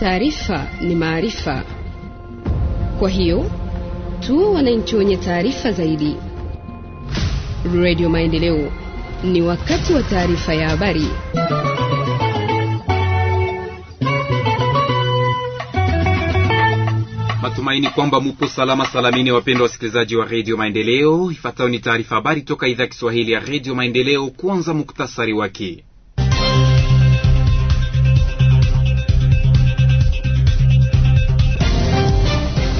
Taarifa ni maarifa, kwa hiyo tu wananchi wenye taarifa zaidi. Radio Maendeleo, ni wakati wa taarifa ya habari. Matumaini kwamba mupo salama salamini, wapendwa wasikilizaji wa redio Maendeleo. Ifuatayo ni taarifa habari toka idhaa Kiswahili ya redio Maendeleo. Kwanza muktasari wake.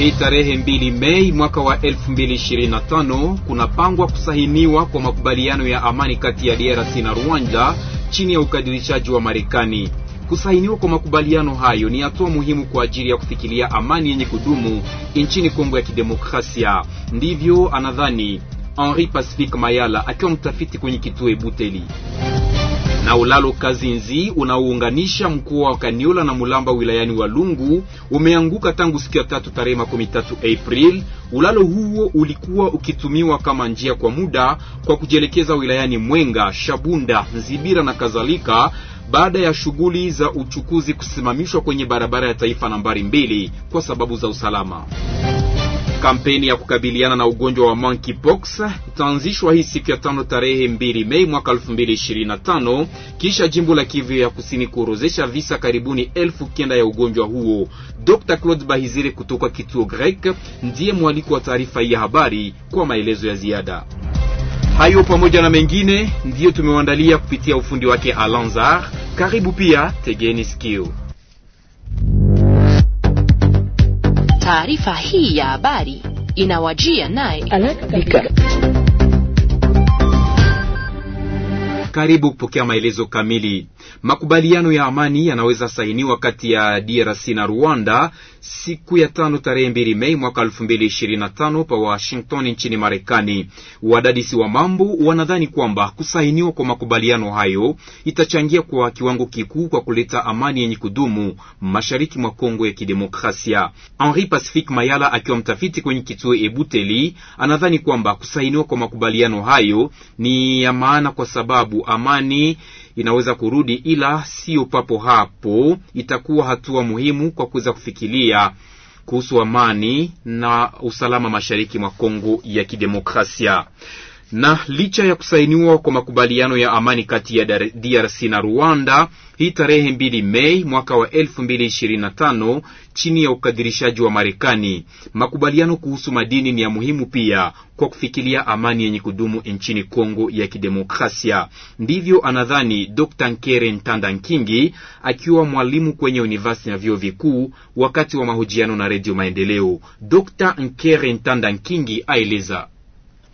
Hii tarehe 2 Mei mwaka wa 2025 kunapangwa kusahiniwa kwa makubaliano ya amani kati ya DRC na Rwanda chini ya ukadirishaji wa Marekani. Kusainiwa kwa makubaliano hayo ni hatua muhimu kwa ajili ya kufikilia amani yenye kudumu nchini Kongo ya Kidemokrasia. Ndivyo anadhani Henri Pacifique Mayala akiwa mtafiti kwenye kituo Ebuteli na ulalo Kazinzi unaounganisha mkoa wa Kaniola na Mulamba wilayani Walungu umeanguka tangu siku ya tatu tarehe makumi tatu April. Ulalo huo ulikuwa ukitumiwa kama njia kwa muda kwa kujielekeza wilayani Mwenga, Shabunda, Nzibira na kadhalika baada ya shughuli za uchukuzi kusimamishwa kwenye barabara ya taifa nambari mbili kwa sababu za usalama. Kampeni ya kukabiliana na ugonjwa wa monkeypox itaanzishwa hii siku ya tano tarehe 2 Mei mwaka 2025 kisha jimbo la Kivu ya Kusini kuorozesha visa karibuni elfu kenda ya ugonjwa huo. Dr. Claude Bahizire kutoka kituo Grek ndiye mwaliko wa taarifa hii ya habari. Kwa maelezo ya ziada hayo pamoja na mengine ndiyo tumewaandalia kupitia ufundi wake Alanzar. Karibu pia tegeni sikio. Taarifa hii ya habari inawajia naye karibu kupokea maelezo kamili. Makubaliano ya amani yanaweza sainiwa kati ya DRC na Rwanda siku ya tano tarehe mbili Mei mwaka elfu mbili ishirini na tano pa Washington nchini Marekani. Wadadisi wa mambo wanadhani kwamba kusainiwa kwa makubaliano hayo itachangia kwa kiwango kikuu kwa kuleta amani yenye kudumu mashariki mwa Kongo ya Kidemokrasia. Henri Pacific Mayala akiwa mtafiti kwenye kituo Ebuteli anadhani kwamba kusainiwa kwa makubaliano hayo ni ya maana kwa sababu amani inaweza kurudi, ila sio papo hapo. Itakuwa hatua muhimu kwa kuweza kufikiria kuhusu amani na usalama mashariki mwa Kongo ya Kidemokrasia na licha ya kusainiwa kwa makubaliano ya amani kati ya DRC na Rwanda hii tarehe 2 Mei mwaka wa 2025 chini ya ukadirishaji wa Marekani, makubaliano kuhusu madini ni ya muhimu pia kwa kufikilia amani yenye kudumu nchini Kongo ya Kidemokrasia. Ndivyo anadhani Dr. Nkere Ntanda Nkingi akiwa mwalimu kwenye university na vyuo vikuu wakati wa mahojiano na Redio Maendeleo. Dr. Nkere Ntanda Nkingi aeleza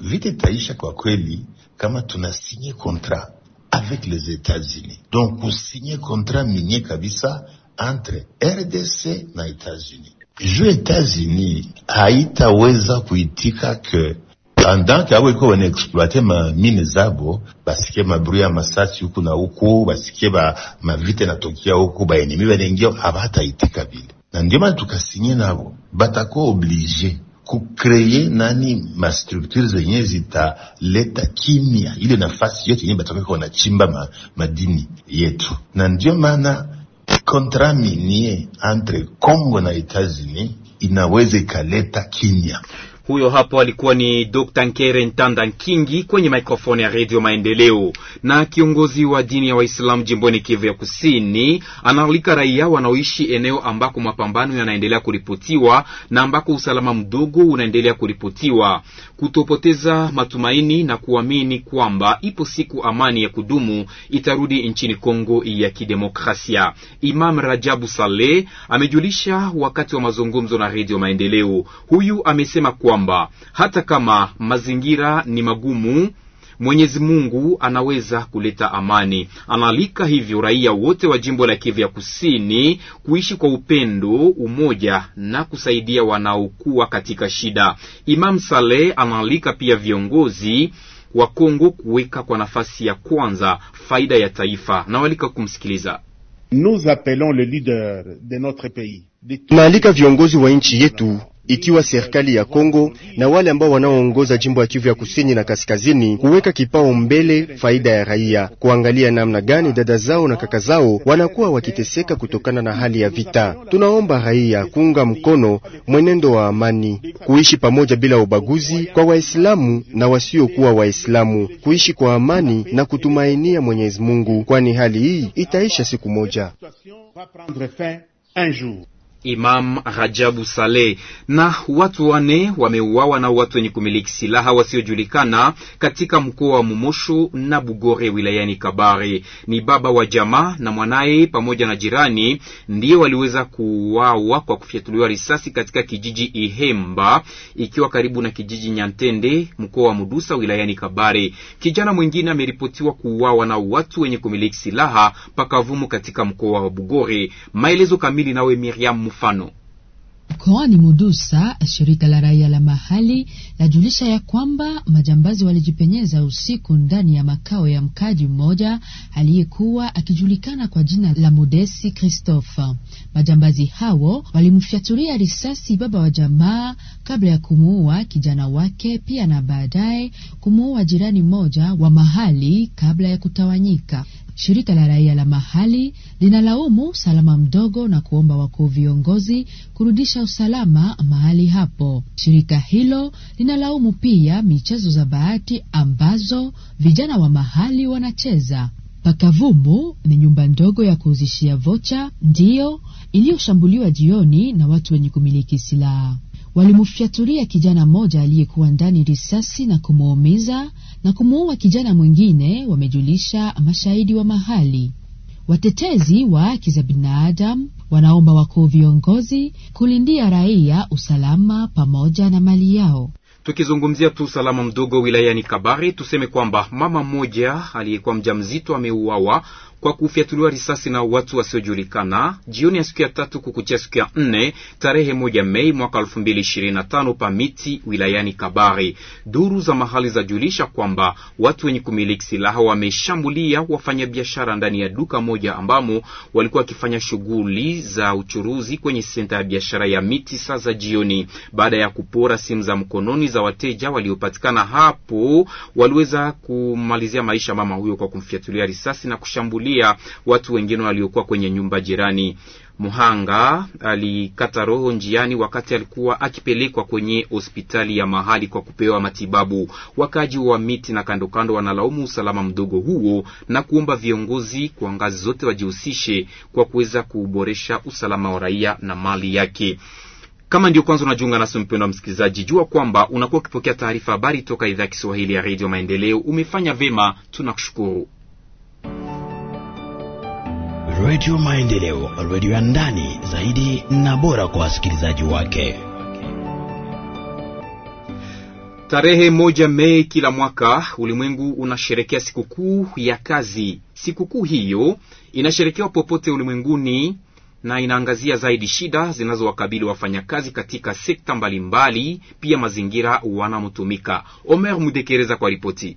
vita itaisha kwa kweli kama tunasinye kontra avec les États-Unis. Donc kusinye contrat minye kabisa entre RDC na États-Unis. Ju États-Unis haitaweza kuitika ke pendant ke abo iko wanaexploite ma mine zabo basike maburu ya masasi huku na huku, basike ba mavita inatokia huku, baenemi banaingia, habata itika vile, na ndio maana tukasinye nabo, batako oblige kukreye nani mastrukturi zenye zitaleta kimya ile nafasi yote yenye batoka wanachimba ma, madini yetu, na ndio maana kontraminie entre Congo na Etats-Unis inaweza ikaleta kimya. Huyo hapo alikuwa ni Dr. Nkere Ntanda Nkingi kwenye mikrofoni ya Redio Maendeleo. Na kiongozi wa dini ya Waislamu jimboni Kivu ya Kusini anaalika raia wanaoishi eneo ambako mapambano yanaendelea kuripotiwa na ambako usalama mdogo unaendelea kuripotiwa kutopoteza matumaini na kuamini kwamba ipo siku amani ya kudumu itarudi nchini Kongo ya Kidemokrasia. Imam Rajabu Saleh amejulisha wakati wa mazungumzo na Redio Maendeleo. Huyu amesema kwamba hata kama mazingira ni magumu Mwenyezi Mungu anaweza kuleta amani. Anaalika hivyo raia wote wa jimbo la Kivu ya Kusini kuishi kwa upendo, umoja na kusaidia wanaokuwa katika shida. Imam Saleh anaalika pia viongozi wa Kongo kuweka kwa nafasi ya kwanza faida ya taifa. Nawalika kumsikiliza. Nous appelons le leader de notre pays. viongozi wa nchi yetu ikiwa serikali ya Kongo na wale ambao wanaoongoza jimbo ya Kivu ya kusini na kaskazini kuweka kipao mbele faida ya raia, kuangalia namna gani dada zao na kaka zao wanakuwa wakiteseka kutokana na hali ya vita. Tunaomba raia kuunga mkono mwenendo wa amani, kuishi pamoja bila ubaguzi, kwa Waislamu na wasiokuwa Waislamu, kuishi kwa amani na kutumainia Mwenyezi Mungu, kwani hali hii itaisha siku moja. Imam Rajabu Saleh na watu wane wameuawa na watu wenye kumiliki silaha wasiojulikana katika mkoa wa Mumosho na Bugore wilayani Kabare. Ni baba wa jamaa na mwanaye pamoja na jirani ndio waliweza kuuawa kwa kufyatuliwa risasi katika kijiji Ihemba ikiwa karibu na kijiji Nyantende mkoa wa Mudusa wilayani Kabare. Kijana mwingine ameripotiwa kuuawa na watu wenye kumiliki silaha pakavumu katika mkoa wa Bugore. Maelezo kamili nawe Miriam mfano. Mkoani Mudusa, shirika la raia la mahali lajulisha ya kwamba majambazi walijipenyeza usiku ndani ya makao ya mkaji mmoja aliyekuwa akijulikana kwa jina la mudesi Christophe. Majambazi hao walimfyatulia risasi baba wa jamaa kabla ya kumuua kijana wake, pia na baadaye kumuua jirani mmoja wa mahali kabla ya kutawanyika. Shirika la raia la mahali linalaumu usalama mdogo na kuomba wakuu viongozi kurudisha usalama mahali hapo. Shirika hilo linalaumu pia michezo za bahati ambazo vijana wa mahali wanacheza. Pakavumu ni nyumba ndogo ya kuuzishia vocha ndiyo iliyoshambuliwa jioni na watu wenye kumiliki silaha walimfyatulia kijana mmoja aliyekuwa ndani risasi na kumuumiza na kumuua kijana mwingine, wamejulisha mashahidi wa mahali. Watetezi wa haki za binadamu wanaomba wakuu viongozi kulindia raia usalama pamoja na mali yao. Tukizungumzia tu usalama mdogo wilayani Kabare, tuseme kwamba mama mmoja aliyekuwa mjamzito ameuawa kwa kufyatuliwa risasi na watu wasiojulikana jioni ya siku ya tatu kukuchia siku ya nne tarehe moja Mei mwaka elfu mbili ishirini na tano Pamiti wilayani Kabari. Duru za mahali zajulisha kwamba watu wenye kumiliki silaha wameshambulia wafanyabiashara ndani ya duka moja ambamo walikuwa wakifanya shughuli za uchuruzi kwenye senta ya biashara ya miti saa za jioni. Baada ya kupora simu za mkononi za wateja waliopatikana hapo, waliweza kumalizia maisha mama huyo kwa kumfyatulia risasi na kushambulia kushambulia watu wengine waliokuwa kwenye nyumba jirani. Muhanga alikata roho njiani wakati alikuwa akipelekwa kwenye hospitali ya mahali kwa kupewa matibabu. Wakaji wa miti na kandokando wanalaumu usalama mdogo huo na kuomba viongozi kwa ngazi zote wajihusishe kwa kuweza kuboresha usalama wa raia na mali yake. Kama ndio kwanza unajiunga nasi wa msikilizaji, jua kwamba unakuwa ukipokea taarifa habari toka idhaa ya Kiswahili ya Radio Maendeleo. Umefanya vema, tunakushukuru. Radio Maendeleo, radio ya ndani zaidi na bora kwa wasikilizaji wake. Tarehe moja Mei kila mwaka ulimwengu unasherekea sikukuu ya kazi. Sikukuu hiyo inasherekewa popote ulimwenguni na inaangazia zaidi shida zinazowakabili wafanyakazi katika sekta mbalimbali mbali, pia mazingira wanamotumika. Omer Mudekereza kwa ripoti.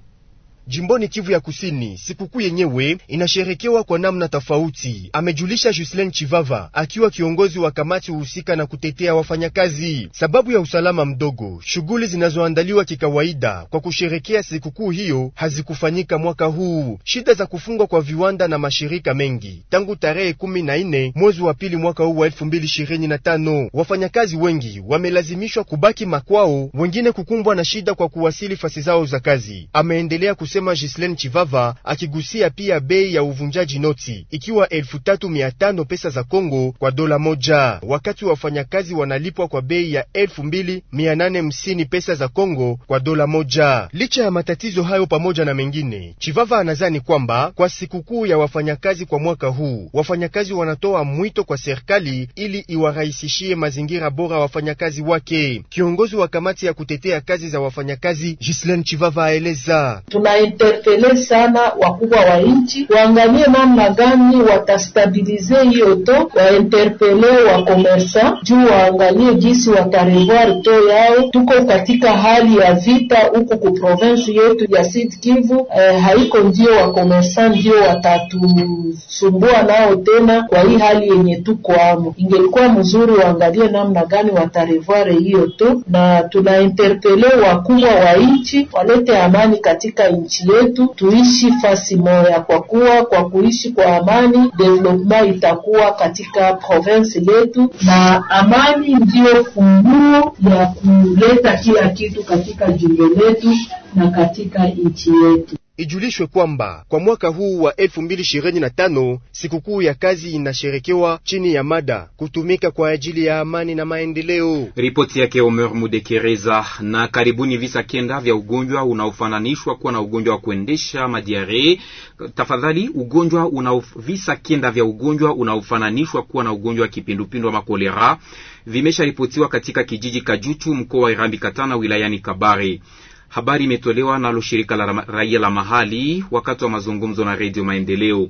Jimboni Kivu ya Kusini, sikukuu yenyewe inasherekewa kwa namna tofauti, amejulisha Juslen Chivava akiwa kiongozi wa kamati husika na kutetea wafanyakazi. Sababu ya usalama mdogo, shughuli zinazoandaliwa kikawaida kwa kusherekea sikukuu hiyo hazikufanyika mwaka huu. Shida za kufungwa kwa viwanda na mashirika mengi tangu tarehe 14 mwezi wa pili mwaka huu wa 2025, wafanyakazi wengi wamelazimishwa kubaki makwao, wengine kukumbwa na shida kwa kuwasili fasi zao za kazi. Ameendelea kusema alisema Ghislaine Chivava, akigusia pia bei ya uvunjaji noti ikiwa elfu tatu mia tano pesa za Kongo kwa dola moja, wakati wafanyakazi wanalipwa kwa bei ya elfu mbili mia nane hamsini pesa za Kongo kwa dola moja. Licha ya matatizo hayo pamoja na mengine, Chivava anazani kwamba kwa sikukuu ya wafanyakazi kwa mwaka huu wafanyakazi wanatoa mwito kwa serikali ili iwarahisishie mazingira bora wafanyakazi wake. Kiongozi wa kamati ya kutetea kazi za wafanyakazi Ghislaine Chivava aeleza tunai wainterpele sana wakubwa wa nchi waangalie namna gani watastabilize hiyo to, wainterpele wakomersa juu waangalie jinsi watarevoir to yao. Tuko katika hali ya vita huku ku province yetu ya Sud Kivu. Eh, haiko ndio wakomersa ndio watatusumbua nao tena kwa hii hali yenye tuko amo. Ingelikuwa mzuri waangalie namna gani watarevoir hiyo to, na tunainterpele wakubwa wa nchi walete amani katika nchi nchi yetu, tuishi fasi moya, kwa kuwa kwa kuishi kwa amani development itakuwa katika province yetu, na amani ndiyo funguo ya kuleta kila kitu katika jimbo letu na katika nchi yetu. Ijulishwe kwamba kwa mwaka huu wa 2025 sikukuu ya kazi inasherekewa chini ya mada kutumika kwa ajili ya amani na maendeleo. Ripoti yake Omer Mudekereza. Na karibuni visa kenda vya ugonjwa unaofananishwa kuwa na ugonjwa wa kuendesha madiare. Tafadhali, ugonjwa una visa kenda vya ugonjwa unaofananishwa kuwa na ugonjwa wa kipindupindu wa makolera vimesharipotiwa katika kijiji Kajutu, mkoa wa Irambi Katana, wilayani Kabare. Habari imetolewa nalo shirika la raia la mahali wakati wa mazungumzo na redio Maendeleo.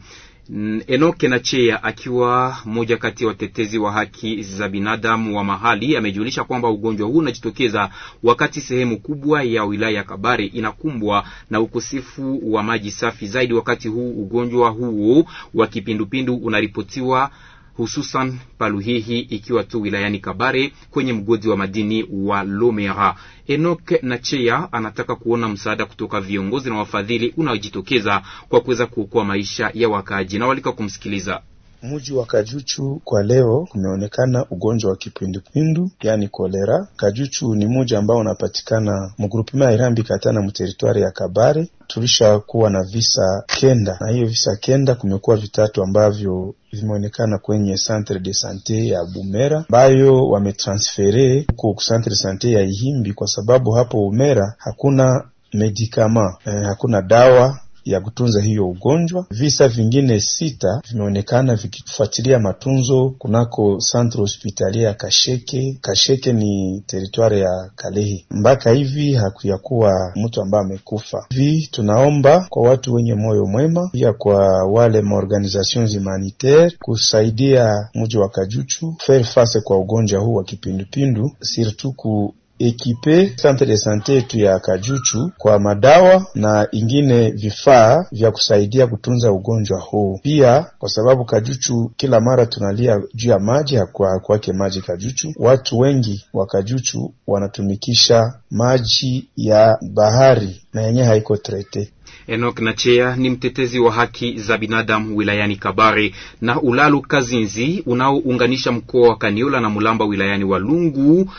Enoke Nachea akiwa mmoja kati ya watetezi wa haki za binadamu wa mahali amejulisha kwamba ugonjwa huu unajitokeza wakati sehemu kubwa ya wilaya ya Kabare inakumbwa na ukosefu wa maji safi, zaidi wakati huu ugonjwa huo wa kipindupindu unaripotiwa hususan Paluhihi ikiwa tu wilayani Kabare kwenye mgodi wa madini wa Lomera. Enoke Nachea anataka kuona msaada kutoka viongozi na wafadhili unaojitokeza kwa kuweza kuokoa maisha ya wakaaji na walika kumsikiliza. Mji wa Kajuchu kwa leo kumeonekana ugonjwa wa kipindupindu yani kolera. Kajuchu ni mji ambao unapatikana mgrupima ya Irambi Katana mteritwari ya Kabare. Tulishakuwa na visa kenda, na hiyo visa kenda kumekuwa vitatu ambavyo vimeonekana kwenye centre de sante ya Bumera ambayo wametransfere huko centre de sante ya Ihimbi kwa sababu hapo Bumera hakuna medikama eh, hakuna dawa ya kutunza hiyo ugonjwa. Visa vingine sita vimeonekana vikifuatilia matunzo kunako Centre Hospitalier ya Kasheke. Kasheke ni teritwari ya Kalehe. Mpaka hivi hakuyakuwa mtu ambaye amekufa. Hivi tunaomba kwa watu wenye moyo mwema, pia kwa wale maorganizations humanitaire kusaidia mji wa Kajuchu faire face kwa ugonjwa huu wa kipindupindu surtout ku ekipe centre de sante yetu ya Kajuchu kwa madawa na ingine vifaa vya kusaidia kutunza ugonjwa huu. Pia kwa sababu Kajuchu kila mara tunalia juu ya maji, hakuwa kwake maji Kajuchu. Watu wengi wa Kajuchu wanatumikisha maji ya bahari na yenyewe haiko trete. Enok Nachea ni mtetezi wa haki za binadamu wilayani Kabare na Ulalu Kazinzi unaounganisha mkoa wa Kaniola na Mulamba wilayani Walungu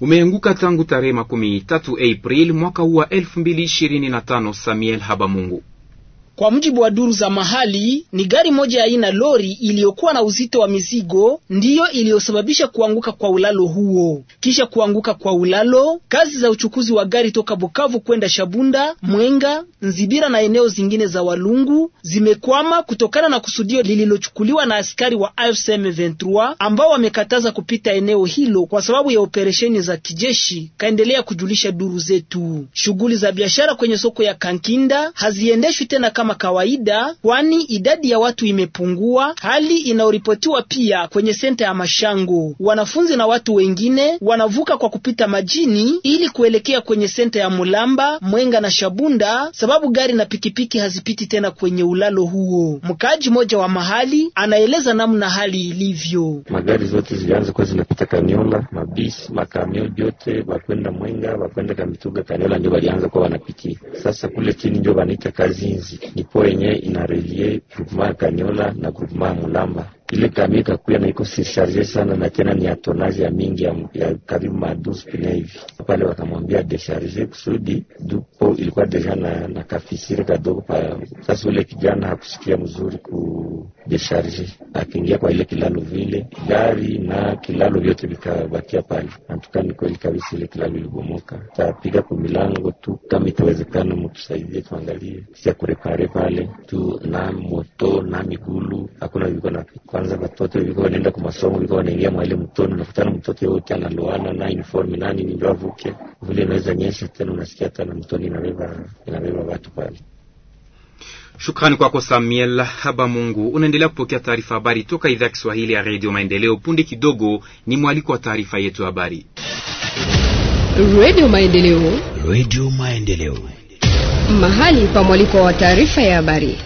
umeanguka tangu tarehe makumi tatu Aprili mwaka huu wa 2025. Samuel Habamungu kwa mujibu wa duru za mahali, ni gari moja aina lori iliyokuwa na uzito wa mizigo ndiyo iliyosababisha kuanguka kwa ulalo huo. Kisha kuanguka kwa ulalo, kazi za uchukuzi wa gari toka Bukavu kwenda Shabunda, Mwenga, Nzibira na eneo zingine za Walungu zimekwama kutokana na kusudio lililochukuliwa na askari wa M23 ambao wamekataza kupita eneo hilo kwa sababu ya operesheni za kijeshi, kaendelea kujulisha duru zetu. Shughuli za biashara kwenye soko ya Kankinda haziendeshwi tena kama kama kawaida, kwani idadi ya watu imepungua, hali inayoripotiwa pia kwenye senta ya Mashango. Wanafunzi na watu wengine wanavuka kwa kupita majini ili kuelekea kwenye senta ya Mulamba, Mwenga na Shabunda, sababu gari na pikipiki hazipiti tena kwenye ulalo huo. Mkaaji mmoja wa mahali anaeleza namna hali ilivyo. Magari zote zilianza kuwa zinapita Kaniola, mabisi, makamio vyote wakwenda Mwenga, wakwenda Kamituga, Kaniola ndio walianza kuwa wanapitia. Sasa kule chini ndio wanaita Kazinzi nipo yenye inarelie groupement ya Kanyola na groupement ya Mulamba. Ile kamie kakuya na iko surcharge sana, na tena ni atonazi ya mingi ya, ya karibu ma 12 hivi pale wakamwambia desharge kusudi dupo ilikuwa deja na, na kafisiri kadogo pa. Sasa ule kijana hakusikia mzuri ku desharge, akiingia kwa ile kilalo vile gari na kilalo vyote vikabakia pale. Natuka ni kweli kabisa, ile kilalo ilibomoka. Tapiga kwa milango tu, kama itawezekana mtusaidie, tuangalie sia kurepare pale tu, na moto na migulu hakuna viko na kwanza, watoto viko wanaenda kwa masomo, viko wanaingia mwaile mtoni, nakutana mtoto yote analoana na uniform nani ni ndio yake, vile inaweza nyesha tena, unasikia tena mtoni inabeba inabeba watu pale. Shukrani kwako Samuel Haba Mungu. Unaendelea kupokea taarifa habari toka idhaa ya Kiswahili ya Redio Maendeleo. Punde kidogo ni mwaliko wa taarifa yetu habari. Redio Maendeleo, Redio Maendeleo, mahali pa mwaliko wa taarifa ya habari.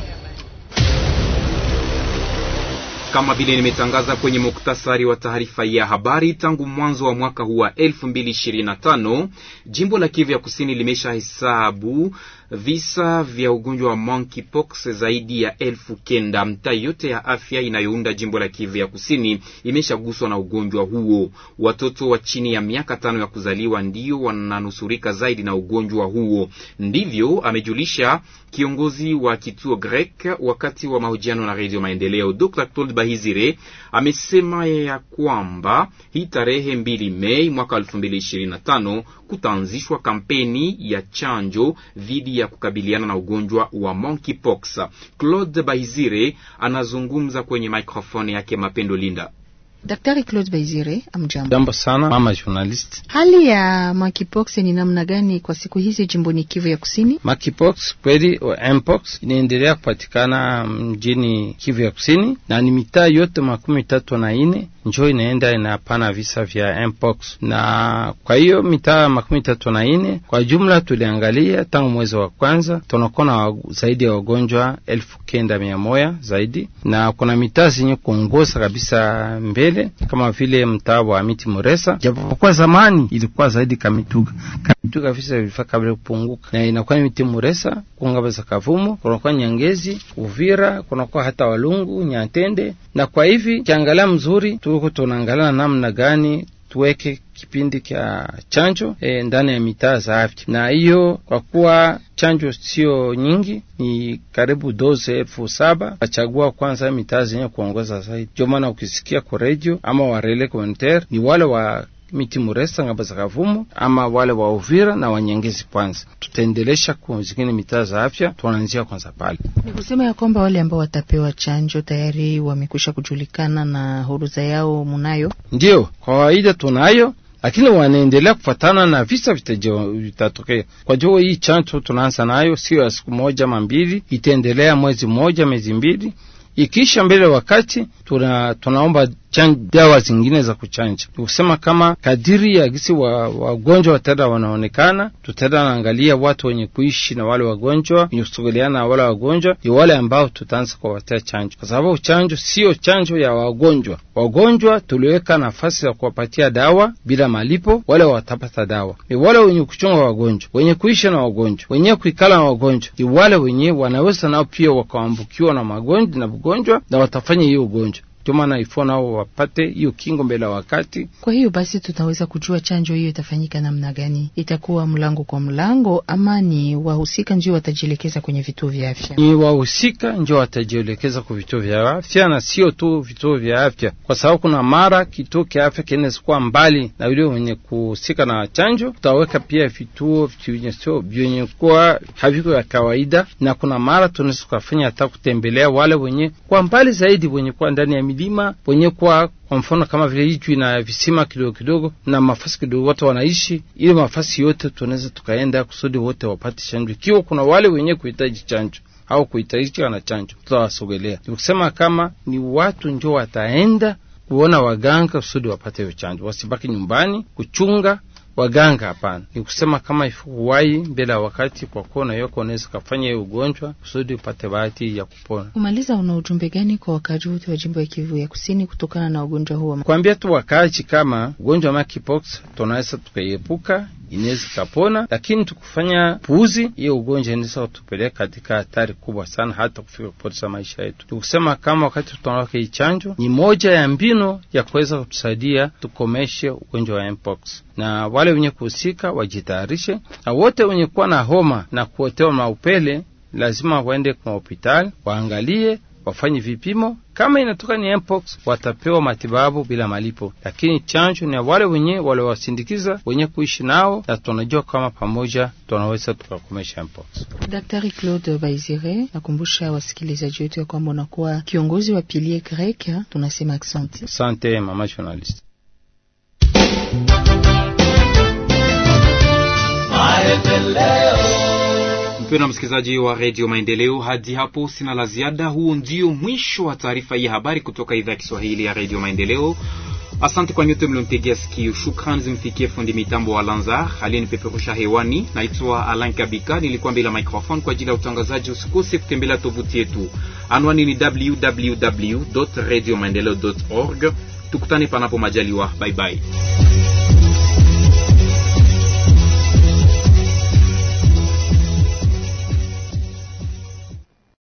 Kama vile nimetangaza kwenye muktasari wa taarifa ya habari, tangu mwanzo wa mwaka huu wa 2025 jimbo la Kivu ya Kusini limeshahesabu visa vya ugonjwa wa monkeypox zaidi ya elfu kenda. Mtaa yote ya afya inayounda jimbo la Kivu ya Kusini imeshaguswa na ugonjwa huo. Watoto wa chini ya miaka tano ya kuzaliwa ndio wananusurika zaidi na ugonjwa huo, ndivyo amejulisha kiongozi wa kituo Grek wakati wa mahojiano na Redio Maendeleo. Dr Claude Bahizire amesema ya kwamba hii tarehe 2 Mei mwaka 2025 kutaanzishwa kampeni ya chanjo dhidi ya kukabiliana na ugonjwa wa monkeypox. Claude Baizire anazungumza kwenye mikrofoni yake Mapendo Linda. Daktari Claude Baizire, amjambo. Jambo sana mama journalist. Hali ya monkeypox ni namna gani kwa siku hizi jimboni Kivu ya Kusini? Monkeypox kweli mpox inaendelea kupatikana mjini Kivu ya Kusini na ni mitaa yote makumi tatu na nne njo inaenda inapana visa vya mpox. Na kwa hiyo mitaa makumi tatu na ine kwa jumla tuliangalia tangu mwezi wa kwanza, tunakona zaidi ya wagonjwa elfu kenda mia moya zaidi, na kuna mitaa zenye kuongoza kabisa mbele kama vile mtaa wa miti muresa, japokuwa zamani ilikuwa zaidi kamituga kamituga, visa vilifaa kabla kupunguka, na inakuwa miti muresa za Kavumu, kunakuwa nyangezi, Uvira, kunakuwa hata walungu nyatende na kwa hivi kiangalia mzuri tu tuko na namna gani tuweke kipindi cha chanjo e, ndani ya mitaa za afya, na hiyo kwa kuwa chanjo sio nyingi, ni karibu doze elfu saba. Wachagua kwanza mitaa zenye kuongoza zaidi. Ndio maana ukisikia kwa redio ama warele communautaire ni wale wa miti muresa ngamba za Kavumu ama wale wa Uvira na Wanyengezi. Kwanza tutaendelesha kwa zingine mitaa za afya, tunaanzia kwanza pale. Ni kusema ya kwamba wale ambao watapewa chanjo tayari wamekwisha kujulikana na huruza yao munayo, ndio kwa kawaida tunayo lakini wanaendelea kufatana na visa vitatokea. Kwa hiyo hii chanjo tunaanza nayo, sio ya siku moja mambili mbili, itaendelea mwezi mmoja, miezi mbili. Ikiisha mbele wakati tuna, tunaomba kuchanja dawa zingine za kuchanja. Ni kusema kama kadiri ya gisi wagonjwa wa wataenda wanaonekana, tutaenda naangalia watu wenye kuishi na wale wagonjwa, wenye kusogeleana na wale wagonjwa, ni wale ambao tutaanza kuwapatia chanjo, kwa sababu chanjo siyo chanjo ya wagonjwa. Wagonjwa tuliweka nafasi ya kuwapatia dawa bila malipo, wale watapata dawa. Ni wale wenye kuchunga wagonjwa, wenye kuishi na wagonjwa, wenye kuikala na wagonjwa, ni wale wenye wanaweza nao pia wakaambukiwa na magonjwa na ugonjwa na watafanya hiyo ugonjwa ndio maana ifo nao wapate hiyo kingo mbele ya wakati. Kwa hiyo basi, tunaweza kujua chanjo hiyo itafanyika namna gani? Itakuwa mlango kwa mlango, ama ni wahusika ndio watajielekeza kwenye vituo vya afya? Ni wahusika ndio watajielekeza kwa vituo vya afya, na sio tu vituo vya afya, kwa sababu kuna mara kituo kia afya kinaweza kuwa mbali na yule wenye kuhusika na chanjo. Tutaweka pia vituo vyenye kuwa haviko ya kawaida, na kuna mara tunaweza kufanya hata kutembelea wale wenye kwa mbali zaidi, wenye kuwa ndani ya milima wenye kwa kwa mfano kama vile hichu ina visima kidogo kidogo na mafasi kidogo, watu wanaishi ile mafasi yote, tunaweza tukaenda kusudi wote wapate chanjo. Ikiwa kuna wale wenye kuhitaji chanjo au kuhitaji na chanjo, tutawasogelea. Nikusema kama ni watu njo wataenda kuona waganga kusudi wapate hiyo chanjo, wasibaki nyumbani kuchunga waganga hapana, ni kusema kama ifukuwai mbele ya wakati, kwa kuwa unaweka unaweza kafanya hiyo ugonjwa kusudi upate bahati ya kupona. Kumaliza, una ujumbe gani kwa wakaji wote wa jimbo ya Kivu ya Kusini kutokana na ugonjwa huo? Kuambia tu wakaji kama ugonjwa wa makipox tunaweza tukaiepuka, inaweza ikapona, lakini tukufanya puuzi, hiyo ugonjwa inaweza kutupeleka katika hatari kubwa sana, hata kufika kupoteza maisha yetu. Tukusema kama wakati tunaweka hii chanjo, ni moja ya mbinu ya kuweza kutusaidia tukomeshe ugonjwa wa mpox na wale wenye kuhusika wajitayarishe, na wote wenye kuwa na homa na kuotewa maupele lazima waende kwa hospitali waangalie wafanye vipimo. Kama inatoka ni mpox, watapewa matibabu bila malipo, lakini chanjo ni wale wenye waliowasindikiza wenye kuishi nao, na tunajua kama pamoja tunaweza tukakomesha mpox. Daktari Claude Baizire, nakumbusha wasikilizaji wetu ya kwamba unakuwa kiongozi wa Pilier Grek, tunasema asante. Asante mama journalist Mpendwa msikilizaji wa redio Maendeleo, hadi hapo sina la ziada. Huo ndio mwisho wa taarifa hii habari kutoka idhaa ya Kiswahili ya redio Maendeleo. Asante kwa nyote mlionitegea sikio. Shukrani zimfikie fundi mitambo wa Lanza aliyenipeperusha hewani. Naitwa Alan Kabika, nilikuwa mbele ya microphone kwa ajili ya utangazaji. Usikose kutembelea tovuti yetu, anwani ni www radio maendeleo org. Tukutane panapo majaliwa. Bye bye.